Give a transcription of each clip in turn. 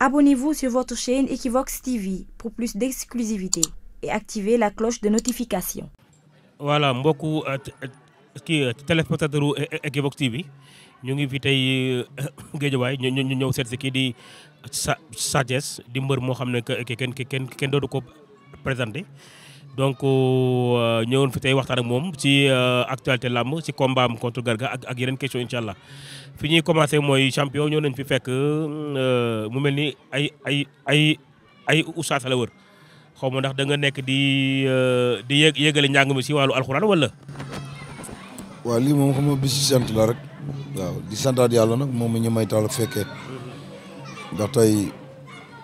Abonnez-vous sur votre chaîne Equivox TV pour plus d'exclusivité et activez la cloche de notification. voilà mbokku euh, euh, kii euh, téléspectateur e, e, Equivox TV ñu ngi fi tey géejawaay ñu ñu ñëw seet kii di Sa Thiès di mbër moo xam ne que kenn kenn kenn dootu ko présenté. donc euh, ñëwoon fi tey waxtaan ak moom ci euh, actualité làmb ci combat am contre Garga ak ak yeneen question incha allah fi ñuy commencé mooy champion ñëw nañ fi fekk euh, mu mel ni ay ay ay ay wër xaw ma ndax danga nekk di di yé yégale njàng mi si wàllu alxuraan wala. waaw lii moom xam nga sant la rek waaw di santaat yàlla nag moom ñu may taal ak fekkee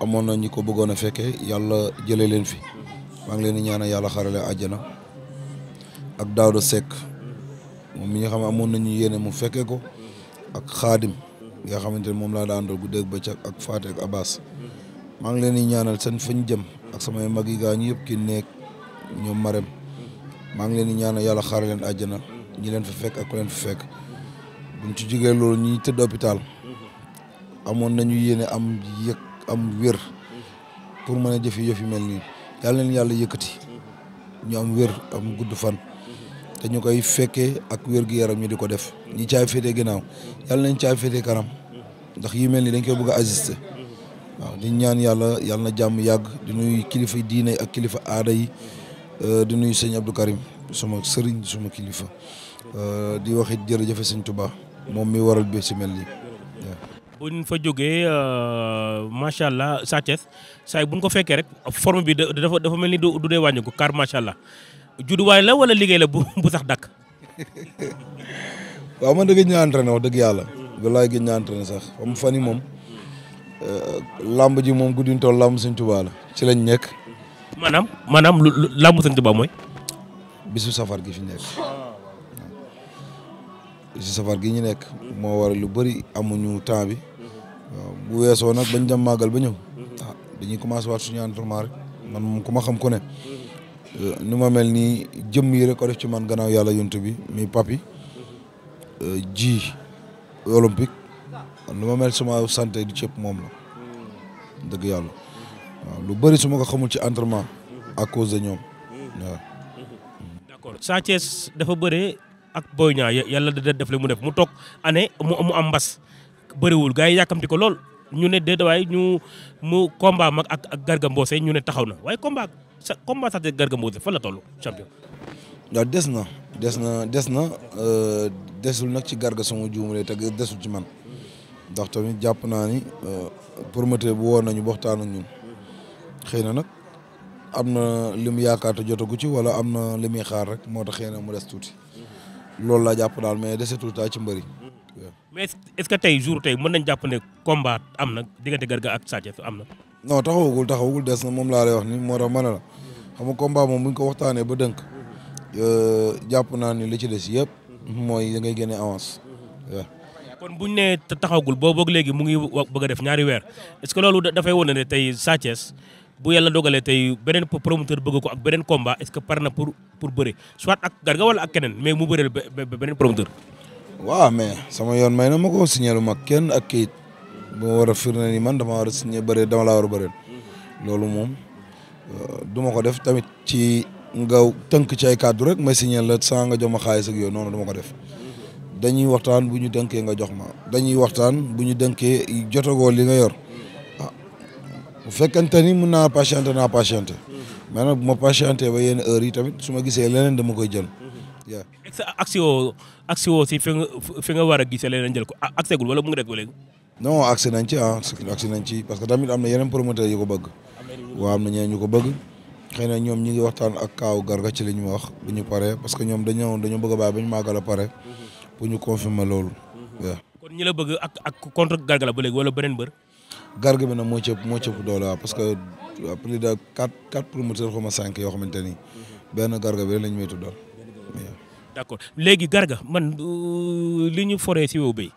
amoon na ñu ko bëggoon a fekkee yàlla jëlee leen fi. maa ngi leen di ñaanal yàlla xarale àjjana ak Daouda Seck moom mi nga xam amoon nañu yéene mu fekkee ko ak xaadim nga xamante ne moom laa daan doon guddeeg bëccëg ak Fatou ak Abbas maa ngi leen di ñaanal seen fañ jëm ak samay mag yi gaañu yëpp ki nekk ñoom Marème maa ngi leen di ñaanal yàlla xaarale leen àjjana ñi leen fa fekk leen fa fekk buñ ci jógee loolu ñi tëdd hôpital amoon nañu yéene am yëg am wér pour mën a jëfi yëf mel nii. yàlla leen yàlla yëkkati ñu am wér am gudd fan dañu koy fekkee ak wér gu yaram ñu di ko def ñi caay féetee ginnaaw yàlla nañ caay féetee kanam ndax yi mel ni dañ koy bëgg a assisté di ñaan yàlla yàlla na jàmm yàgg di nuyu kilifa diine ak kilifa aada yi euh, di nuyu sëñ Abdou Karim suma sëriñ suma kilifa euh, di wax it jërëjëf sëñ Touba moom mi waral bi si mel nii. buñ fa jógee euh, macha allah Sa saa yi bu ñu ko fekkee rek forme bi dafa dafa mel ni du dee wàññi ko car macha allah judduwaay la wala liggéey la bu bu sax dakk waaw man dëgg ñu entraîné wax dëgg yàlla. walaay gëj ñu entraîné sax am fan yi moom euh, lamb ji moom guddi tool lamb Sëñ Tuubaa la ci lañ nekk. maanaam maanaam lu lamb Sëñ Tuubaa mooy. bisu safar gi fi nekk. Ah. si safar gi ñu nekk moo war lu bari bëri amuñu temps bi waaw bu weesoo nag bañ dem màggal ba ñëw ah dañuy commencé waat suñu entraînement man moom ku ma xam ku ne ni ma mel nii jëmm yi rek ko def ci man ganaaw yàlla yontu bi mi papi ji olympique nu ma mel sama santé du cëpp moom la dëgg yàlla waaw lu bëri suma ko xamul ci entraînement à cause de ñoom waaw ak booy ñaa yàlla da def la mu def mu toog année mu am mbas bëriwul gars yi yàkkamti lool ñu ne déedéet waaye ñu mu combat mag ak ak Garga Mbossé ñu ne taxaw na waaye combat sa combat sax Garga Mbossé fa la toll champion. waaw des na des na des na euh, desul na ci Garga sama juumale te desul ci man ndax tamit jàpp naa ni pour euh, promoteur bu woon nañu waxtaan ak ñun xëy na nag am na li mu yaakaar te jotagu ci wala am na li muy xaar rek moo tax xëy na mu des tuuti. loolu laa jàpp daal mais desetul taa ci mais est-ce que tey jour tey mën nañ jàpp ne combat am na diggante Garga ak Sa Thiès am na. non taxawagul taxawagul des na moom laa lay ni moo tax ma la xam nga combat moom bu ñu ko waxtaanee ba dënk. Euh, jàpp naa ni li ci des yëpp. mooy da ngay génne avance kon buñ ñu nee taxawagul boo boog léegi mu ngi bëgg a def ñaari weer est-ce que loolu dafay wane ne tey Sa bu yàlla dogalee tey beneen promoteur bëgg ko ak beneen combat est-ce que na pour pour bëre soit ak Garga wala ak keneen mais mu bëreel beneen promoteur. waaw mais sama yoon may na ma ko signaler ma kenn ak kayit bu war a firnde ni man dama war a signé bëre dama laa loolu moom euh, duma ko def tamit ci nga tënk ci ay kàddu rek ma signaler la nga jox ma xaalis ak yoon noonu du ko def. dañuy waxtaan bu ñu dënkee nga jox ma dañuy waxtaan bu ñu dënkee jotagoo li nga yor bu fekkente ni mun naa patienté naa patienté mais nag bu ma patienté ba yenn heures yi tamit su ma gisee leneen ma koy jël waaw sa accès woo accès woo si fi nga war a gisee leneen jël ko accès gul wala mu ngi rek ba léegi non accès nañ ci ah accès parce que tamit am na yeneen promoteur yu ko bëgg waaw am na ñeneen ñu ko bëgg xëy ñoom ñi ngi waxtaan ak kaaw gar ga ci li ñu wax bu ñu paree parce que ñoom dañoo dañoo bëgg a bàyyi ba ñu màggal a pare mm-hmm. pour ñu confirmer loolu waaw mm-hmm. kon ñi la bëgg ak ak contre garga la ba léegi wala beneen bër garga bi nag moo ci ëpp moo ci ëpp doole waaw parce que plus de quatre quatre promoteurs cinq yoo xamante ni benn garge bi lañ may tuddal. d'accord léegi garga man li ñu foree si wow bi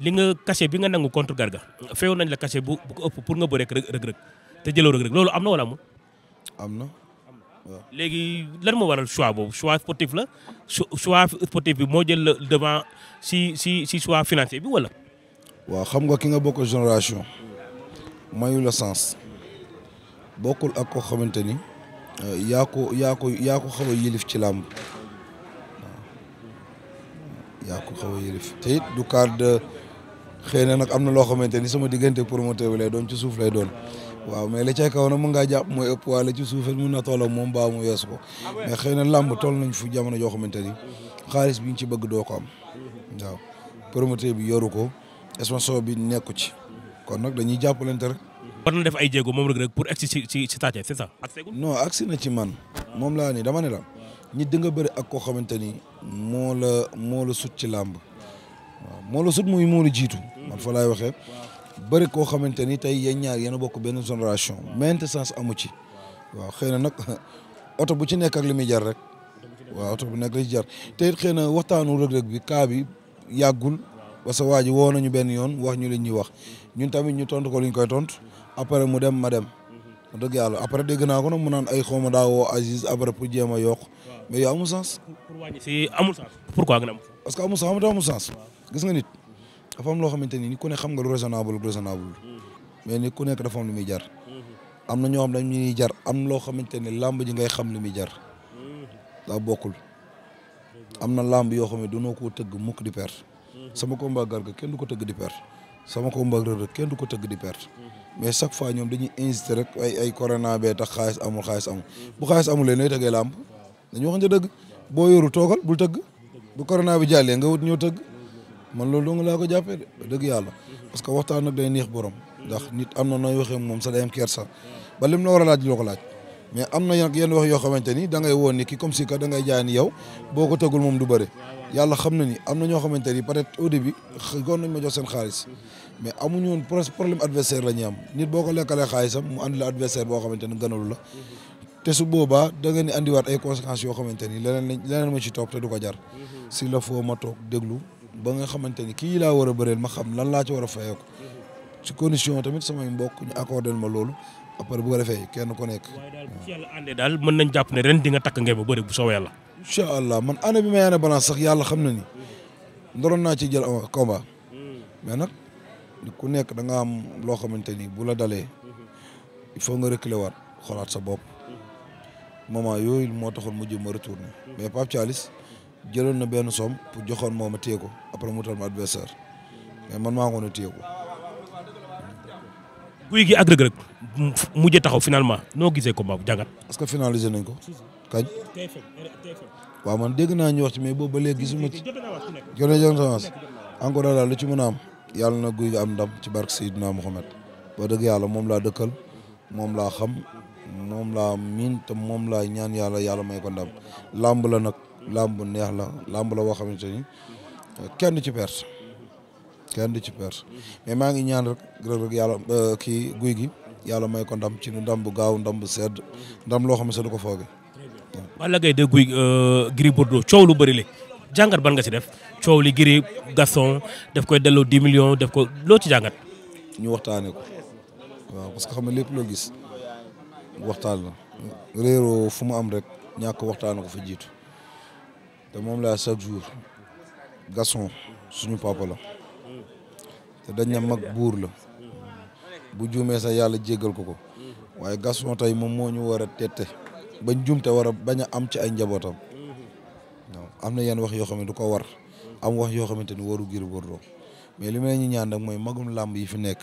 li nga cachet bi nga nangu contre garga feew nañ la cachet bu bu ko ëpp pour nga bëre rek rëg rëg te jëloo rëg rëg loolu am na wala amul. am na. waaw léegi lan moo waral choix boobu choix sportif la choix sportif bi moo jël devant si si si choix financier bi wala. waaw xam nga ki nga bokk génération. mayu la sens bokkul ak koo xamante ni euh, yaa ko yaa ko yaa xaw a ci làmb waaw yaa xaw a yilif te it du cadre xëy na nag am na loo xamante ni sama diggante promoteur bi lay doon ci suuf lay doon waaw mais la ca kaw na mën ngaa jàpp mooy ëpp waaye ci suuf mën na tolloo moom baa mu weesu ko mais xëy na làmb toll nañ fu jamono joo xamante ni xaalis bi ñu ci bëgg doo ko am waaw bi yoru ko sponsor bi nekku ci. kon nag dañuy jàppalante rek. war na def ay jéego moom rek rek pour egg ci ci ci Sa Thiès c'est ça. non na ci man. moom laa ni dama ne la. ñi di nga bëri ak koo xamante ni moo la moo la sut ci làmb. waaw moo la sut muy moo la jiitu. man fa laay waxee. bari koo xamante ni tey yéen ñaar yéen bokk benn génération. maintenance amu ci. waaw xëy na nag oto bu ci nekk ak li muy jar rek. waaw oto bu nekk li ci jar te it xëy na waxtaanu rëg-rëg bi kaa bi yàggul. parce que waa ji woo nañu benn yoon wax ñu li ñuy wax. ñun tamit ñu tontu ko lu ñu koy tontu après mu dem ma dem. wax dëgg yàlla après dégg naa ko nag mu naan ay xaw ma daa woo Aziz après pour jéem a yokk. mais yow amul sens. pour wàññi si amul sens. pourquoi nga am. parce que amul sens amul amul sens. gis nga nit dafa am loo xamante ni nit ku ne xam nga lu raisonnable raisonnable. mais nit ku nekk dafa am lu muy jar. am na ñoo xam dañ ñuy jar am loo xamante ne làmb ji ngay xam li muy jar daa bokkul am na làmb yoo xam ne dunoo ko tëgg mukk di perte sama combat garga kenn du ko tëgg di perte sama combat ak Reug kenn du ko tëgg di per mhm. mais chaque fois ñoom dañuy insisté rek ay ay corona tax xaas amul xaalis amul bu xaalis amulee nooy tëggee làmb dañu waxante dëgg boo yoru toogal bul tëgg bu corona bi jàllee nga wut ñëw tëgg man loolu dong laa ko jàppee de dëgg yàlla mhm. parce que waxtaan nag day neex borom mhm. ndax nit am na nooy waxee moom sa day am kersa ba lim la war laaj loo ko mais am na nag yenn wax yoo xamante ni da ngay woon ni ki comme si que da yow boo ko tëggul moom du bëri yàlla xam na ni am na ñoo xamante ni peut être bi début goon nañ ma jox seen xaalis mais amuñu woon problème adversaire la ñuy am nit boo ko lekkalee xaalisam mu andi la adversaire boo xamante ni gënalu la te su boobaa da ngeen di ay conséquences yoo xamante ni leneen leneen ma ci topp te du ko jar si la foo ma toog déglu ba nga xamante ni kii laa war a bëreel ma xam nan laa ci war a fayee ko ci condition tamit samay mbokk ñu accordé ma loolu après bu ko defee kenn ku nekk. waaye daal bu daal mën nañ jàpp ne ren di nga takk ngeen ba bëri bu soobee yàlla incha allah man année bi ma yaane balance sax yàlla xam na ni ndoroon naa ci jël combat mais nag ku nekk da nga am loo xamante ni bu la dalee il faut nga reculer waat xoolaat sa bopp moment yooyu moo taxoon mujj jëm ma retourné mais Pape Thialis jëloon na benn somme pour joxoon moom a téye ko après mu tal ma adversaire mais man maa ngoon a téye ko guy gi ak rëg-rëg mujjee taxaw finalement noo gisee combat bu jàngat. est que finalisé nañ ko. kañ. waaw man dégg naa ñu wax ci mais boobu ba léegi gisuma ci. jot na jot na encore daal lu ci mën a am yàlla na guy am ndam ci barke Seydina Mohamed ba dëgg yàlla moom laa dëkkal moom laa xam moom la miin te moom laa ñaan yàlla yàlla may ko ndam làmb la nag làmb neex la làmb la boo xamante ni kenn ci perte kenn ci perte mais maa ngi ñaan rek rek rek yàlla euh, kii guy gi yàlla may ko ndam ci ndam bu gaaw ndam bu sedd ndam loo xam ne sa ko foogee. Balla Gaye dégguy euh, Gris Bordeaux coow lu bari li jàngat ban nga ci def coow li Gris Gaston daf koy delloo 10 million def ko loo ci jàngat. ñu waxtaanee ko waaw parce que xam nga lépp loo gis waxtaan la réeroo fu mu am rek ñàkk waxtaan ko fa jiitu te moom laa chaque jour Gaston suñu papa la te dañ na mag buur la bu juumee sax yàlla jéggal ko ko waaye Gaston tey moom moo ñu war a tette. bañ jumte war bañ a am ci ay njabootam am na yenn wax yoo xam ne du ko war am wax yoo xamante ni waru Gris Bordeaux mais li may ñu ñaan nag mooy magum làmb yi fi nekk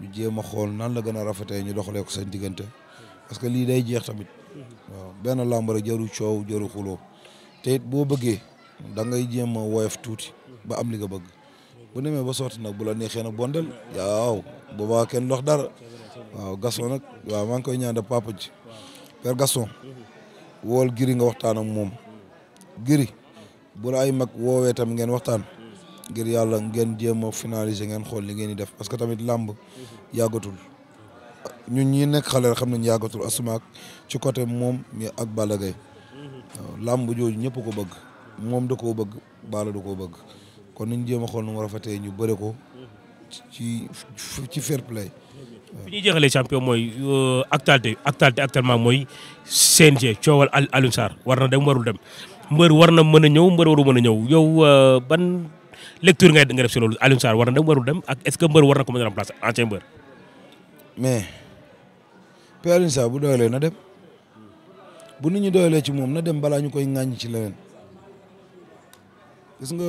ñu jéem a xool nan la gën a rafetee ñu doxalee ko seen diggante parce que lii day jeex tamit waaw benn làmb rek jaru coow jaru xuloo te boo bëggee da ngay jéem a woyof tuuti ba am li nga bëgg bu demee ba sotti nag bu la neexee nag bondel waaw boobaa kenn lox dara waaw gasoo nag waaw maa ngi koy ñaan de papa Père Gaston wool giri nga waxtaan ak moom giri bu la ay mag woowee tam ngeen waxtaan ngir yàlla ngeen jéem a finaliser ngeen xool li ngeen di def parce que tamit làmb yàggatul ñun ñi nekk xale xam nañ yàggatul asumaak ci côté moom mi ak Balla làmb jooju ñëpp ko bëgg moom da koo bëgg bala da koo bëgg kon niñ jéem a xool nu mu rafetee ñu bëre ko ci ci play fi ñuy jeexalee champion mooy euh, actualité actualité actuellement mooy CNG coowal Alioune Sarr war na dem warul dem mbër war na mën a ñëw mbër waru mën a ñëw yow euh, ban lecture ngay nga def si loolu Alioune war na dem warul dem ak est-ce que mbër war na ko mën a remplacer ancien mbër. mais Père Alioune bu doyalee na dem bu nit ñi doyalee ci moom na dem balaa ñu koy ŋàññ ci leneen gis nga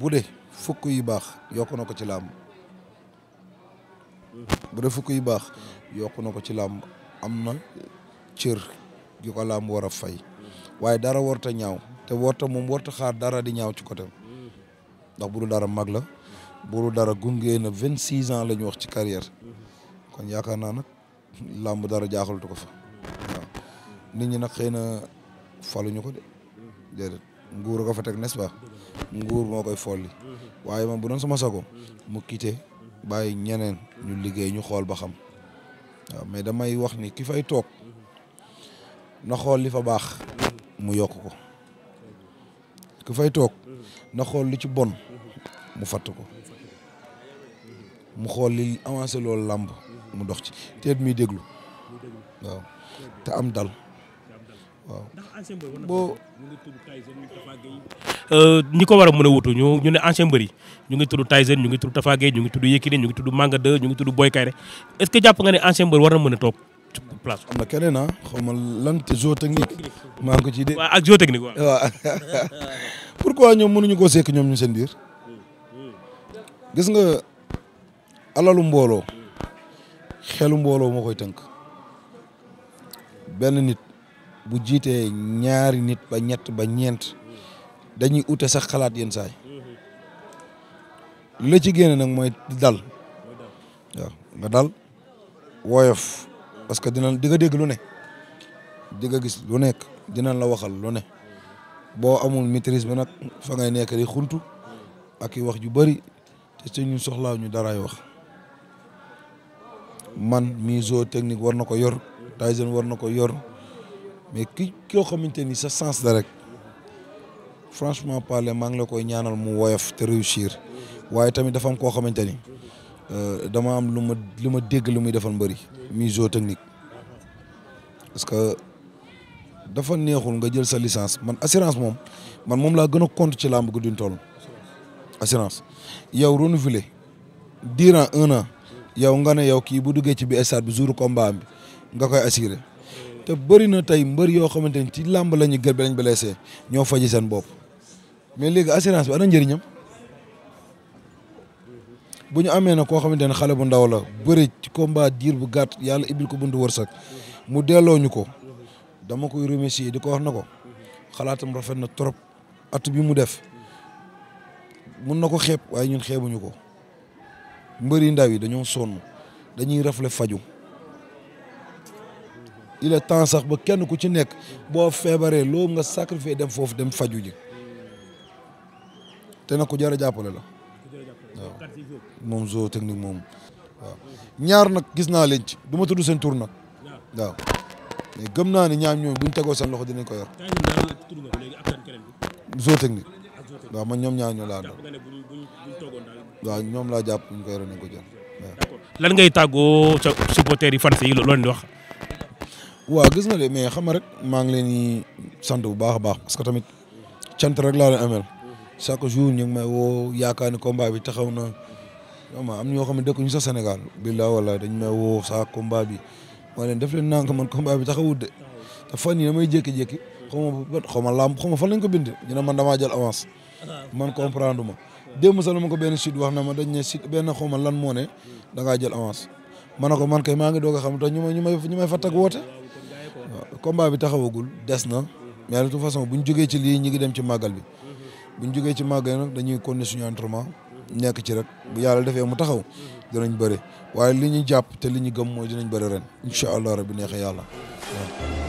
bu dee fukk yu baax yokk na ko ci làmb. bu dee fukk yu baax yokku na ko ci làmb am na cër yu ko làmb war a fay waaye dara warta ñaaw te warta moom warta xaar dara di ñaaw ci côté ndax bu dul dara mag la bu dul dara gungee na vingt six ans la ñu wax ci carrière kon yaakaar naa nag làmb dara jaaxalatu ko fa waaw nit ñi nag xëy na faluñu ko de nguur ko fa teg nest nguur moo koy folli waaye man bu doon sama sago mu quitté bàyyi ñeneen ñu liggéey ñu xool ba xam waaw mais damay wax ni ki fay toog na xool li fa baax mu yokk ko ki fay toog na xool li ci bon mu fatt ko mu xool li avancé loolu làmb mu dox ci teet muy déglu te am dal waaw boo. Euh, ñi ko war a mën a wutu ñu ñu ne ancien ñu ngi tudd Tyson ñu ngi tudd Tafa ñu ngi tudd Yekini ñu ngi tudd Manga 2 ñu ngi tudd Boy Kayre est-ce que jàpp nga ne ancien mbër war na mën a toog place. am na keneen ah xaw ma lan te technique maa ngi ko ciy de. waaw ak jeu technique pour waaw pourquoi ñoom mënuñu koo sekk ñoom ñu seen biir gis nga alalu mbooloo xelu mbooloo moo koy tënk nit. bu jiitee ñaari nit ba ñett ba ñeent dañuy ute sax xalaat yenn saay li mm-hmm. la ci génne nag mooy dal waaw woyof parce que dina di nga dégg lu ne di gis lu nekk dinañ la waxal lu ne mm-hmm. boo amul maîtrise bi nag fa ngay nekk xuntu mm-hmm. ak i wax ju bari te suñu soxlaa ñu daray wax man mise technique war na ko yor Tyson war na ko yor mais ki koo xamante ni sa sens la rek franchement parler maa ngi la koy ñaanal mu woyof te réussir waaye tamit dafa am koo xamante ni euh, dama am lu ma lu ma dégg lu muy defal mbëri mise technique parce que dafa néexul nga jël sa licence man assurance moom man moom laa gën a compte ci làmb gi duñ toll assurance yow renouvelé durant un an yow nga ne yow kii bu duggee ci bi stade bi jour combat bi nga koy assuré te bëri na tey mbër yoo xamante ni ci làmb la ñu gër bi lañ see ñoo faji seen bopp mais léegi assurance bi ana njëriñam bu ñu amee na koo xamante ne xale bu ndaw la bëri ci combat diir bu gàtt yàlla ibil ko buntu wërsëg mu delloo ñu ko dama koy remercier di ko wax na ko xalaatam rafet na trop at bi mu def mun na ko xeeb waaye ñun xeebuñu ko mbëri ndaw yi dañoo sonn dañuy rafle faju il est temps sax ba kenn ku ci nekk boo feebaree loolu nga sacrifier dem foofu dem faju ji te nag ku jar a jàppale la moom zoo technique moom ñaar nag gis naa leen ci du ma tuddu seen tuur nag waaw mais gëm naa ne ñaar ñoom bu ñu tegoo seen loxo dinañ ko yor zoo technique waaw man ñoom ñaar ñoo laa doon waaw ñoom laa jàpp ñu ko yore nañ ko jël waaw. lan ngay tàggoo sa supporters yi fan si loolu leen di wax. waaw gis nga de mais xam rek maa ngi leen sant bu baax a baax parce que tamit cant rek laa leen amel chaque jour ñu ngi may woo yaakaar ni combat bi taxaw na vraiment am ñoo xam ne dëkkuñu sax Sénégal billaa wala dañ may woo saa combat bi ma leen def leen nànk man combat bi taxawut de te fan yii damay jékki-jékki xaw ma xaw ma làmb xaw ma fan lañ ko bind ñu ne man damaa jël avance man comprendre ma démb sax ma ko benn site wax na ma dañ ne site benn xaw ma lan moo ne da ngaa jël avance ma ne ko man kay maa doog a xam te ñu may ñu may ñu may woote. combat bi taxawagul des na mais de toute façon bu ñu jógee ci lii ñu ngi dem ci màggal bi bu ñu jógee ci màggal nag dañuy continuer suñu entraînement nekk ci rek bu yàlla defee mu taxaw dinañ bëri waaye li ñu jàpp te li ñu gëm mooy dinañ bëri ren incha allah rabbi neexee yàlla waaw